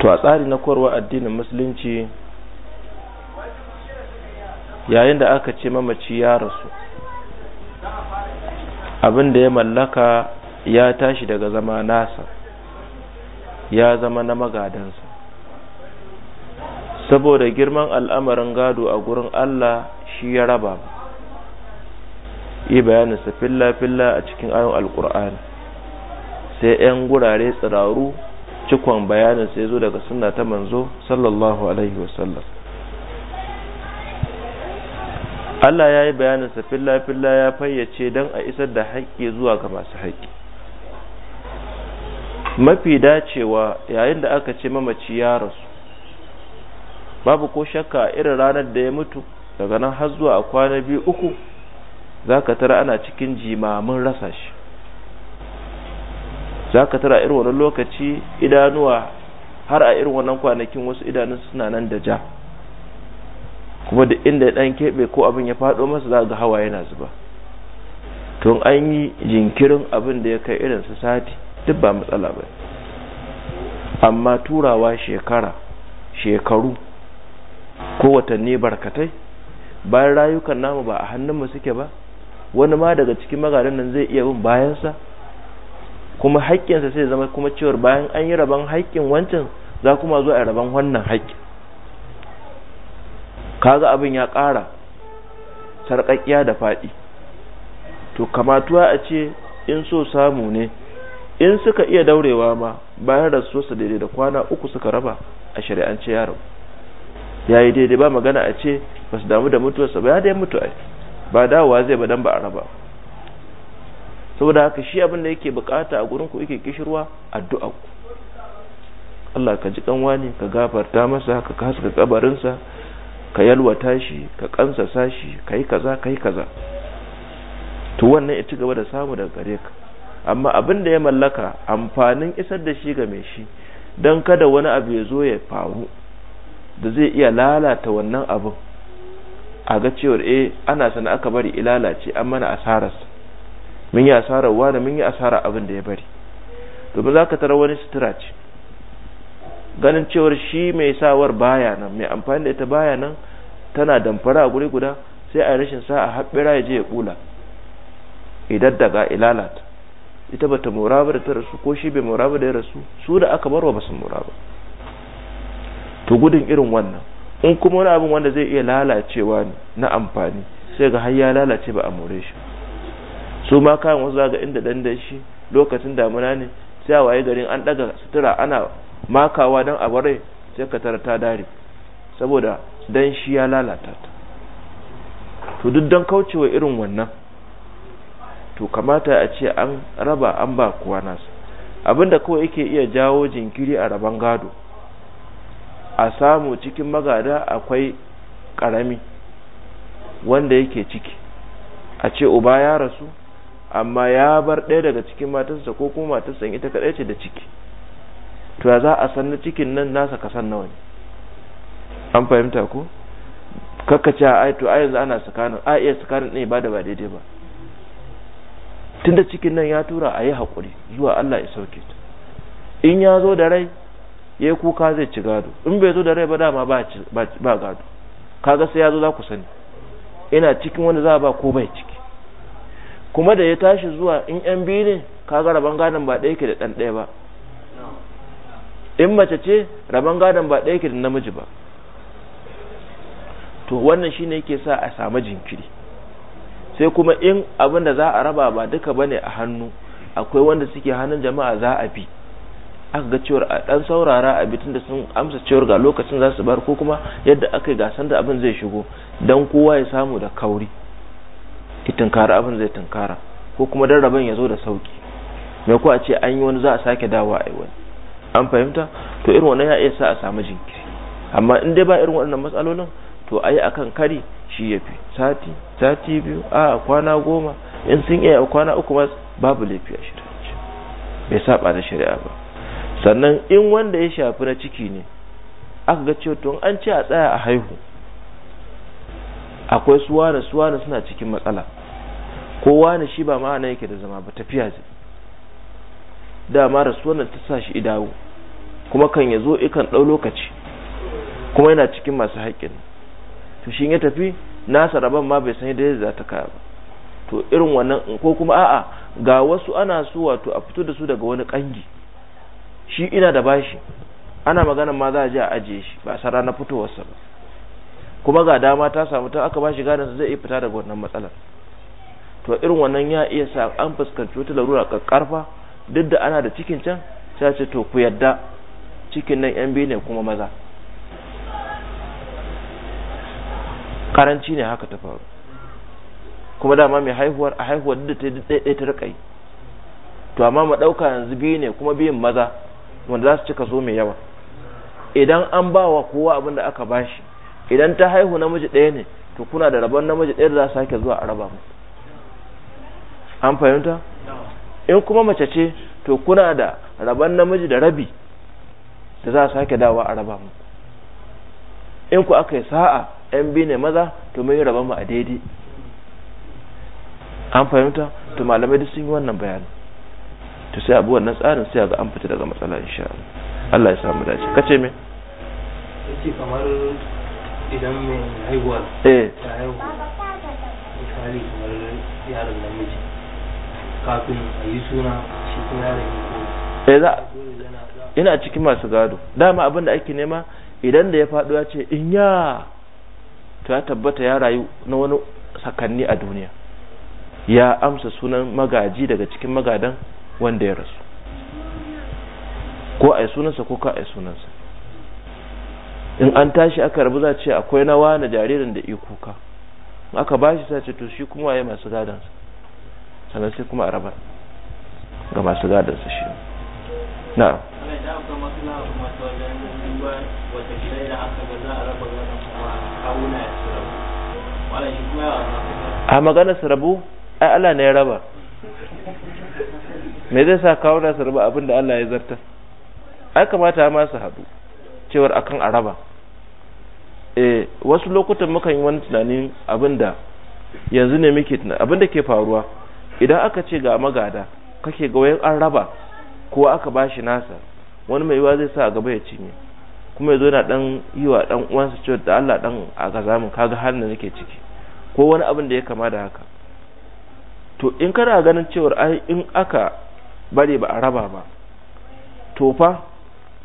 to a tsari na korwa addinin musulunci yayin da aka ce mamaci ya rasu abin da ya mallaka ya tashi daga zama nasa ya zama na magadansa saboda girman al'amarin gado a gurin Allah shi ya raba ba. yi bayaninsa filla-filla a cikin ayon alkur'ani sai 'yan gurare tsiraru cikon bayanin sai zo daga suna ta manzo sallallahu alaihi wasallam Allah ya yi bayaninsa filla-filla ya fayyace don a isar da haƙƙi zuwa ga masu haƙƙi mafi dacewa yayin da aka ce mamaci ya rasu babu ko shakka irin ranar da ya mutu daga nan har zuwa a kwana biyu uku za ka tara ana cikin jimamin rasa shi za ka tara irin wani lokaci idanuwa har a irin wannan kwanakin wasu idanun suna nan da ja kuma da inda ya ɗan keɓe ko abin ya faɗo masa za ga hawa yana zuba tun an yi jinkirin abin da ya kai irin su sati duk ba matsala ba amma turawa shekara shekaru ko watanni barkatai bayan rayukan namu ba a hannunmu suke ba wani ma daga cikin magadan nan zai iya bin bayansa kuma haƙƙinsa sai zama kuma cewar bayan an yi rabon haƙƙin wancan za kuma zo a rabon wannan haƙƙin kaga abin ya ƙara sarƙaƙƙiya da faɗi to kamatuwa a ce in so samu ne in suka iya daurewa ma bayan rasuwarsa daidai da kwana uku suka raba a shari'ance yaro. ya yi daidai ba magana a ce ba su damu da mutuwarsa ba ya dai mutu ai ba dawowa zai ba dan ba a raba saboda haka shi abin da yake bukata a gurin ku yake kishirwa addu'a ku Allah ka ji kanwa ne ka gafarta masa ka haska kabarinsa ka yalwata shi ka kansa sashi ka yi kaza ka yi kaza to wannan ya ci gaba da samu daga gare ka amma abin da ya mallaka amfanin isar da shi ga mai shi don kada wani abu ya zo ya faru da zai iya lalata wannan abin a ga cewar eh ana sana aka bari ilalace an mana asararsa mun yi asarar wani mun yi asarar abin da ya bari domin za ka tara wani sutura ce ganin cewar shi mai sawar baya nan mai amfani da ita baya nan tana damfara a guri guda sai a rashin sa a haɓɓira ya je ya ƙula idan daga ilalata ita bata mora ba da ta rasu ko shi bai mora ba da ya rasu su da aka barwa ba su mora ba to gudun irin wannan in kuma wani abin wanda zai iya lalacewa na amfani sai ga har ya lalace ba a more shi su ma kayan wasu zaga inda dandan shi lokacin damuna ne sai a waye garin an daga sutura ana makawa don a bare sai ka tara ta dare saboda dan shi ya lalata ta to duk don kaucewa irin wannan to kamata a ce an raba an ba kuwa nasu abinda kawai yake iya jawo jinkiri a raban gado a samu cikin magada akwai karami wanda yake ciki a ce uba ya rasu amma ya bar ɗaya daga cikin matarsa ko kuma matarsa ita kaɗai ce da ciki to ya za a san na cikin nan nasa ka san nawa ne an fahimta ko ce a to a yanzu ana sakanin a iya sakanin ne ba da ba daidai ba tunda cikin nan ya tura a yi haƙuri zuwa Allah ya sauke ta in ya zo da rai yi kuka zai ci gado in bai zo da rai ba dama ba ba gado kaga sai ya zo za ku sani ina cikin wanda za a ba ko bai ciki kuma da ya tashi zuwa in yan biyu ne kaga rabon gadon ba ɗaya ke da ɗan ɗaya ba in mace ce rabon gadon ba ɗaya ke da namiji ba to wannan shine yake sa a samu jinkiri sai kuma in abin da za a raba ba duka bane a hannu akwai wanda suke hannun jama'a za a bi aka ga cewar a dan saurara a bitin da sun amsa cewar ga lokacin za su bar ko kuma yadda aka yi gasan da abin zai shigo don kowa ya samu da kauri tunkara abin zai tunkara ko kuma dan rabon ya zo da sauki mai kuwa ce an yi wani za a sake dawa a yi wani an fahimta to irin wannan ya iya sa a samu jinkiri amma in dai ba irin waɗannan matsalolin to a yi akan kari shi ya fi sati sati biyu a kwana goma in sun iya kwana uku ma babu laifi a shirya bai saba da shari'a ba sannan in wanda ya shafi na ciki ne aka ga cewa tun an ce a tsaya a haihu akwai suwa da suna cikin matsala ko wani shi ba ma'ana yake da zama ba tafiya ce dama rasuwar ta sa shi idawo kuma kan ya zo ikan ɗau lokaci kuma yana cikin masu haƙƙin to shi ya tafi nasa rabon ma bai san yadda za ta kaya ba to irin wannan ko kuma a'a ga wasu ana so wato a fito da su daga wani ƙangi shi ina da bashi ana maganan ma za a je a ajiye shi ba sa ranar fitowarsa ba kuma ga dama ta samu ta aka bashi gadon zai iya fita daga wannan matsalar to irin wannan ya iya sa an fuskanci wata larura kakkarfa duk da ana da cikin can sai ce to ku yadda cikin nan yan biyu ne kuma maza karanci ne haka ta faru kuma dama mai haihuwar a haihuwar duk da ta yi ta rikai to amma mu ɗauka yanzu biyu ne kuma biyun maza wanda za su cika so mai yawa idan an ba wa kowa abin da aka bashi idan ta haihu namiji ɗaya ne to kuna da rabon namiji ɗaya da za su sake zuwa a raba mu an fahimta in kuma mace ce to kuna da rabon namiji da rabi da za su sake dawa a raba mu in ku aka yi sa'a yan biyu ne maza to mun yi rabon mu a daidai an fahimta to malamai duk sun yi wannan bayanin to sai abu wannan tsarin sai ga an fita daga matsala insha Allah ya samu dace kace me yace kamar idan mai haihuwa eh ta haihu misali kamar yaron namiji kafin a yi suna shi kuma yaron ya eh za ina cikin masu gado dama abin da ake nema idan da ya faɗo ya ce in ya to ya tabbata ya rayu na wani sakanni a duniya ya amsa sunan magaji daga cikin magadan wanda ya rasu ko a yi sunansa ko ka a yi sunansa in an tashi aka rabu za ce akwai na wani jaririn da iko ka aka ba shi sace to shi kuma waye masu gadansa sannan sai kuma a raba ga masu gadansa shi na a magana su rabu ai Allah ne ya raba me zai sa kawo da su raba abin da Allah ya zarta ai kamata ma su haɗu cewar akan araba eh wasu lokutan muka yi wani tunanin abin da yanzu ne muke tunanin abin da ke faruwa idan aka ce ga magada kake ga wayan an raba ko aka bashi nasa wani mai yiwa zai sa a gaba ya cinye kuma ya zo na dan yi wa dan uwansa cewa da Allah dan a gaza mu kaga halin da nake ciki ko wani abin da ya kama da haka to in kana ganin cewa ai in aka bari ba a raba ba to fa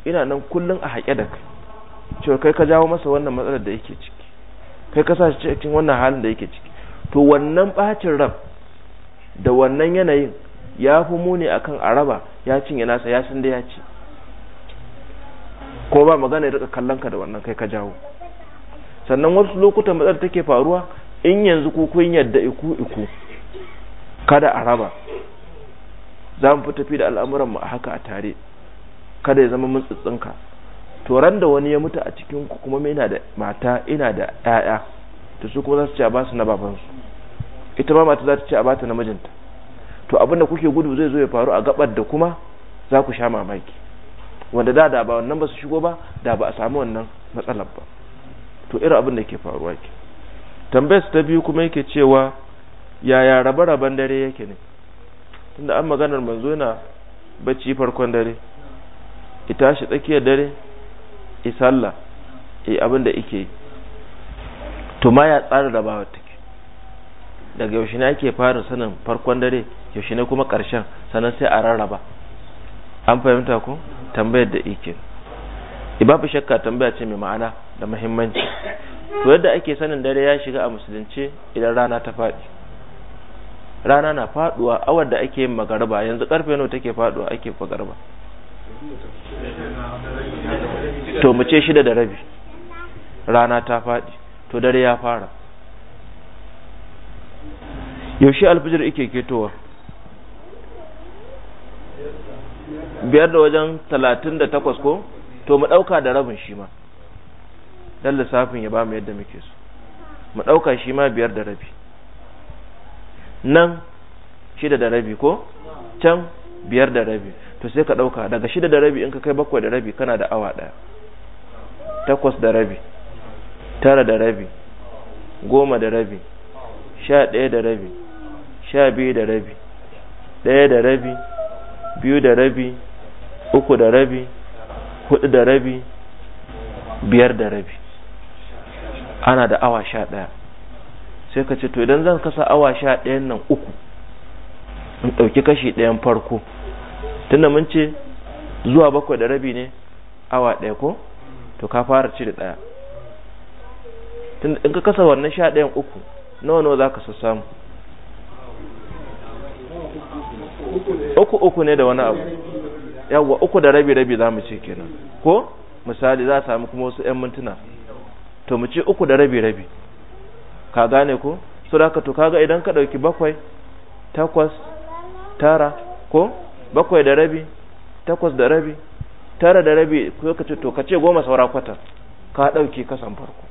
ina nan kullum a haƙe da kai cewa kai ka jawo masa wannan matsalar da yake ciki kai ka sa shi cikin wannan halin da yake ciki to wannan bacin rab da wannan yanayin ya fi muni akan a raba ya cinye nasa ya san da ya ci ko ba magana ya rika kallon ka da wannan kai ka jawo sannan wasu lokutan matsalar take faruwa in yanzu ku kun yadda iku iku kada a raba za mu fi tafi da al'amuranmu a haka a tare kada ya zama mun tsitsinka to ran da wani ya mutu a cikin ku kuma ina da mata ina da ƴaƴa to su kuma za su ce a ba su na babansu ita ma mata za ta ce a ba na mijinta to abin da kuke gudu zai zo ya faru a gabar da kuma za ku sha mamaki wanda da da ba wannan ba su shigo ba da ba a samu wannan matsalar ba to irin abin da ke faruwa ke tambayar ta biyu kuma yake cewa yaya rabe-raben dare yake ne tunda an maganar manzo yana bacci farkon dare i tashi tsakiyar dare i sallah i abin da ike to ma ya tsara da bawa take daga yaushe ne ake fara sanin farkon dare yaushe ne kuma karshen sannan sai a rarraba an fahimta ko tambayar da ike babu shakka tambaya ce mai ma'ana da muhimmanci to yadda ake sanin dare ya shiga a musulunci idan rana ta faɗi rana na faduwa awar da ake yin magarba yanzu karfe nawa take faduwa ake magarba to mu ce shida da rabi rana ta faɗi to dare ya fara yaushe alfijir ike ketowa biyar da wajen talatin da takwas ko to mu ɗauka da rabin shi ma dan lissafin ya ba mu yadda muke so mu ɗauka shi ma biyar da rabi nan shida da rabi ko can biyar da rabi to sai ka ɗauka daga shida da rabi in ka kai bakwai da rabi kana da awa ɗaya takwas da rabi tara da rabi goma da rabi sha ɗaya da rabi sha biyu da rabi ɗaya da rabi biyu da rabi uku da rabi hudu da rabi biyar da rabi ana da awa sha ɗaya sai ka ce to idan zan kasa awa sha ɗayan nan uku in ɗauki kashi ɗayan farko tunda mun ce zuwa bakwai da rabi ne awa ɗaya ko to ka fara cire ɗaya in ka kasa wannan sha ɗayan uku nawa nawa za ka sassamu uku uku ne da wani abu yawwa uku da rabi rabi za mu ce kenan ko misali za a samu kuma wasu 'yan mintuna to mu ce uku da rabi rabi ka gane ko so da to kaga idan ka ɗauki bakwai takwas tara ko bakwai da rabi takwas da rabi tara da rabi ko ka ce to ka ce goma saura kwata ka ɗauki kasan farko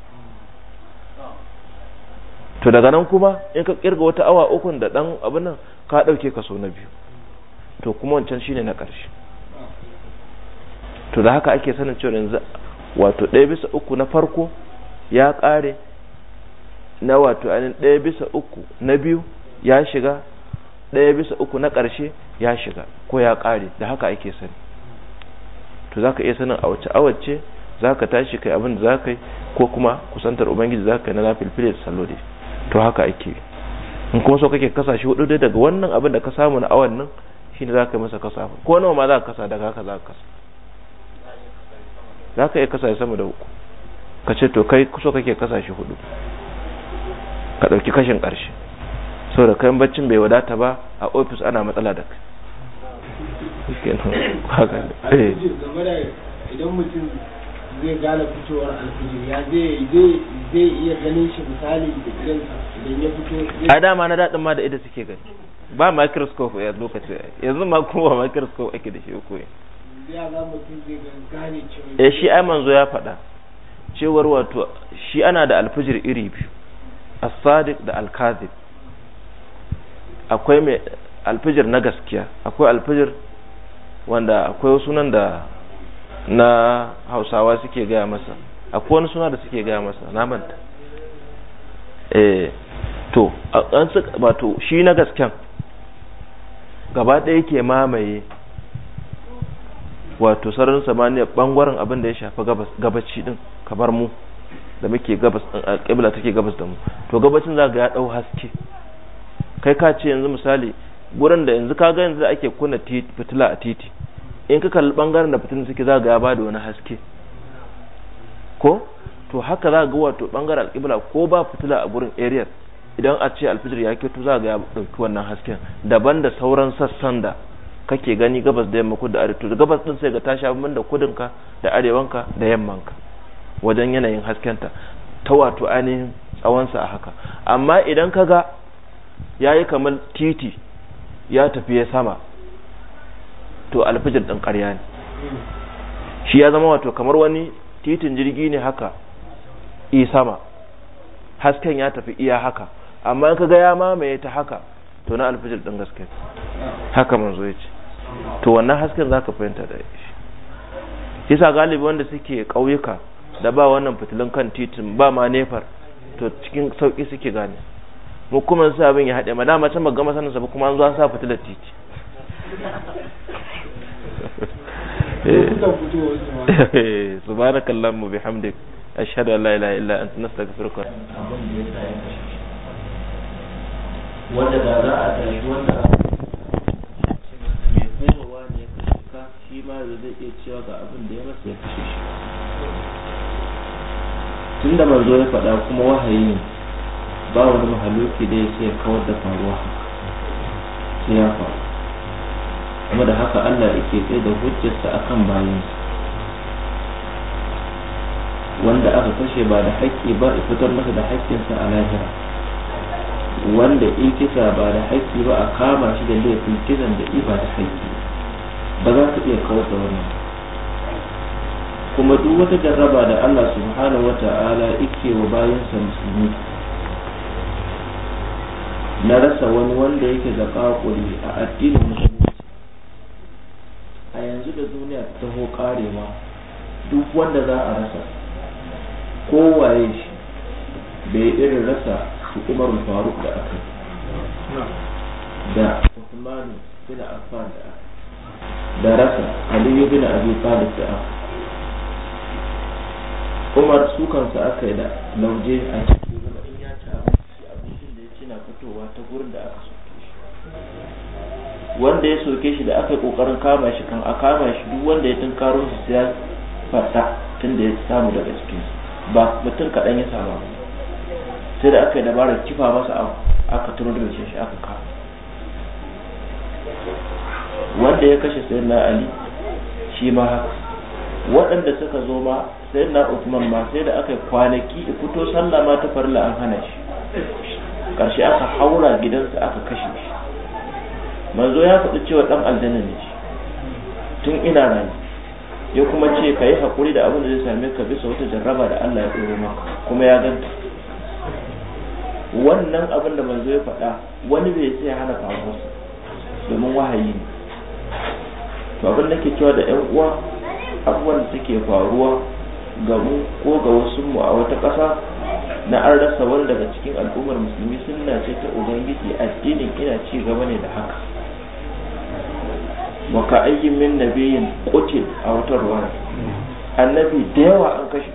to daga nan kuma in ka kirga wata awa ukun da ɗan abin nan ka ɗauke kaso na biyu to kuma wancan shine na ƙarshe to da haka ake sanin cewa yanzu wato ɗaya bisa uku na farko ya ƙare na wato ainihin ɗaya bisa uku na biyu ya shiga ɗaya bisa uku na ƙarshe ya shiga ko ya ƙare da haka ake sani to za ka iya sanin a wace awace za ka tashi kai abin da za ka yi ko kuma kusantar ubangiji za ka yi na lafilfile da salo to haka ake in kuma so kake kasa shi hudu daga wannan abin da ka samu na awan nan ne za ka yi masa kasa ko nawa ma za ka kasa daga haka za ka kasa za ka iya kasa sama da uku ka ce to kai so kake kasa shi hudu ka ɗauki kashin ƙarshe so da kayan baccin bai wadata ba a ofis ana matsala da kai eh. idan mutum zai gane fitowar alfijir ya zai iya ganin shi misali da gidansa idan ya fito a dama na daɗin ma da ita suke gani ba microscope ya lokaci yanzu ma kuma microscope ake da shi koyi ya eh, shi ai manzo ya faɗa cewar wato shi ana da alfijir iri biyu as-sadiq da al-kadhib akwai mai alfijir na gaskiya akwai alfijir wanda akwai sunan da na hausawa suke gaya masa akwai wani suna da suke gaya masa na manta eh to an su wato shi na gasken gaba ɗaya ke mamaye wato sararin samaniya ɓangaren abin da ya shafi gabaci ɗin kamar mu da muke gabas kibla take gabas da mu to gabacin za ga ya dau haske kai ka ce yanzu misali gurin da yanzu ka ga yanzu da ake kunna fitila a titi in ka kalli bangaren da fitilun suke za ga ya bada wani haske ko to haka za ga wato bangaren alƙibla ko ba fitila a gurin area idan a ce alfijir ya keto za ga ya ɗauki wannan hasken daban da sauran sassan da kake gani gabas da yamma kudu da arewa gabas din sai ga tashi abin da kudinka da arewanka da yammanka wajen yanayin haskenta ta wato ainihin tsawonsa a haka amma idan ka ga ya yi kamar titi ya tafi ya sama to alfijir ɗin ƙarya ne shi ya zama wato kamar wani titin jirgi ne haka i sama hasken ya tafi iya haka amma in ka ga ya mamaye ta haka to na alfijir ɗin gaske haka manzo ya ce to wannan hasken za ka fahimta da shi yasa galibi wanda suke ƙauyuka da ba wannan fitilun kan titin ba ma nefar to cikin sauki suke gane mu kuma su abin ya haɗe ma dama can magama sanin sabu kuma an zuwa sa fitilar titi eh. bihamdik ashhadu an la ilaha illa anta nastaghfiruka wanda da za a tashi wanda mai kowa ne ya kashe ka shi ma zai iya cewa ga abin da ya rasa ya kashe shi tun da manzo ya faɗa kuma wahayi ne ba wani mahaluki da ya ce kawar da faruwa sai ya faru kuma da haka Allah yake tsaye da hujjarsa akan bayan wanda aka kashe ba da haƙƙi ba a fitar masa da haƙƙinsa a lahira wanda in kisa ba da haƙƙi ba a kama shi da laifin kisan da ba da haƙƙi ba za ka iya kawar da wannan kuma duk wata jarraba da Allah subhanahu ta'ala yake wa bayansa musulmi na rasa wani wanda yake da kakuri a addinin musulunci a yanzu da duniya ta taho karewa duk wanda za a rasa kowaye shi bai irin rasa su umar faruk da aka da Usmanu bin Affan da rasa Aliyu bin Abi Talib da aka umar su kansu aka yi da lauje a cikin zama in ya ci shi abincin da ya ci na fitowa ta gurin da aka soke shi wanda ya soke shi da aka yi kokarin kama shi kan a kama shi duk wanda ya tunkaro su ya fata tun da ya samu daga cikin ba mutum kaɗan ya samu sai da aka yi dabarar kifa masa abu aka turo da shi aka kama wanda ya kashe sayyidina ali shi ma haka waɗanda suka zo ma sai na Usman ma sai da aka kwanaki fito sallah ma ta farla an hana shi karshe aka haura gidansa aka kashe shi manzo ya faɗi cewa dan aljanna ne shi tun ina rani ya kuma ce ka yi haƙuri da abin da zai same ka bisa wata jarraba da Allah ya ɗoro maka kuma ya ganta wannan abin da manzo ya faɗa wani bai sai hana kawunsa, domin wahayi ne to abin da ke cewa da 'yan uwa abubuwan da suke faruwa ga mu ko ga wasu mu a wata ƙasa na an rasa wani daga cikin al'ummar musulmi suna ce ta ubangiji addinin ina ci gaba ne da haka maka ka ayyin min nabiyin qutil a wata ruwana annabi da yawa an kashe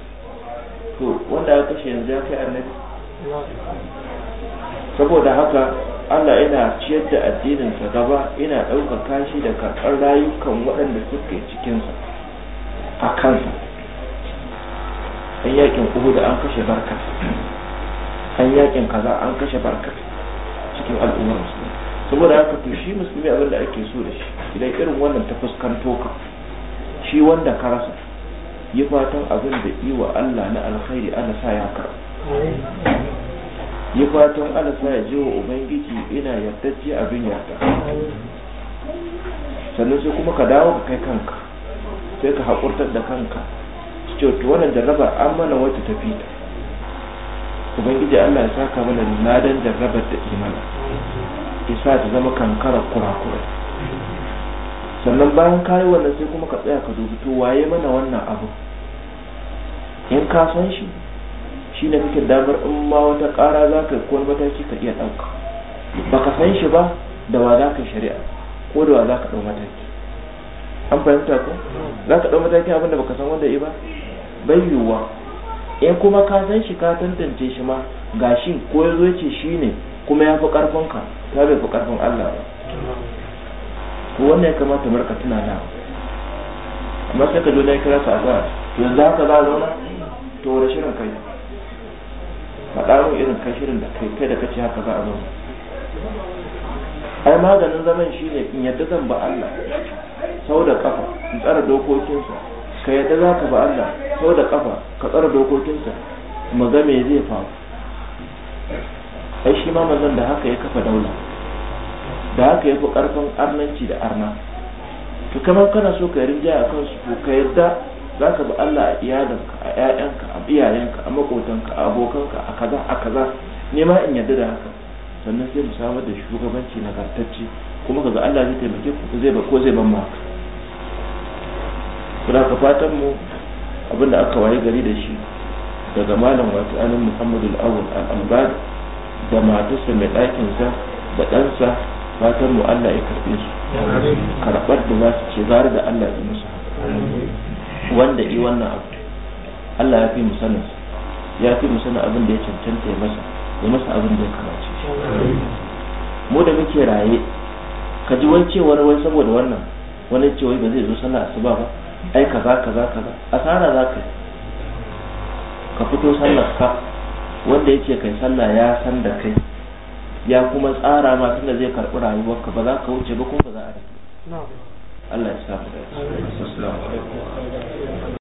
to wanda aka kashe yanzu ya kai annabi saboda haka Allah ina ciyar da addininsa gaba ina ɗaukaka kashi da karɓar rayukan waɗanda suke cikinsa a kansa an yakin uhud an kashe barka an yakin kaza an kashe barka cikin al'ummar musulmi saboda haka to shi musulmi abin da ake so da shi idan irin wannan ta fuskanto ka shi wanda ka rasa yi fatan abin da yi wa Allah na alkhairi ana sa ya karɓa yi fatan ana sa ya je wa ubangiji ina yardacce abin yarda sannan sai kuma ka dawo ka kai kanka sai ka haƙurtar da kanka cewa wannan jarrabar an mana wata ta fita ubangiji Allah ya saka mana ladan jarrabar da imana isa ta zama kankara kurakurai sannan bayan kayi wannan sai kuma ka tsaya ka dubi to waye mana wannan abu in ka san shi shi ne kake damar in ma wata kara za ka ko wani mataki ka iya ɗauka ba ka san shi ba da wa za ka shari'a ko da wa za ka ɗau mataki an fahimta ko za ka ɗau mataki abinda ba ka san wanda ya ba bai yiwuwa in eh, kuma ka san shi ka tantance shi ma gashin ko ya zo ce shi ne kuma ya fi karfin ka ta bai fi karfin Allah ba to wannan ya kamata Marka tana da? amma sai ka zo dai kira ka azara to yanzu haka za a zauna to wani shirin kai faɗa mun irin kai shirin da kai kai da kace haka za a zauna ai maganin zaman shi ne in yadda zan ba Allah sau da kafa in tsara dokokinsa ka yadda za ka ba Allah ko da kafa ka tsara dokokinsa mu ga me zai faru ai shi ma manzon da haka ya kafa daula da haka ya fi karfin arnanci da arna to kamar kana so ka rinja a kansu ko ka yarda za ka bi Allah a iyalinka a ƴaƴanka a iyayenka a makotanka a abokanka a kaza a kaza ne ma in yarda da haka sannan sai mu samar da shugabanci nagartacce kuma kaga Allah zai taimake ku zai ba ko zai ban ma ku da ka fatan mu abinda aka waye gari da shi daga malam wato anan muhammadu al'awun al'ambad da matarsa mai ɗakinsa da ɗansa fatan mu allah ya karɓe su karɓar da za su ce gara da allah ya musu wanda yi wannan abu allah ya fi mu sanin ya fi mu abin da ya cancanta ya masa ya masa abin da ya kamace mu da muke raye ka ji wani wani wai saboda wannan wani ce wai ba zai zo sallah asuba ba ai kaza kaza kaza ka za ka yi ka fito sallar ka wanda yake kai sallah ya san da kai ya kuma tsara ma tunda zai karɓi ka ba za ka wuce ba kuma ba za a rage Allah ya sa mu da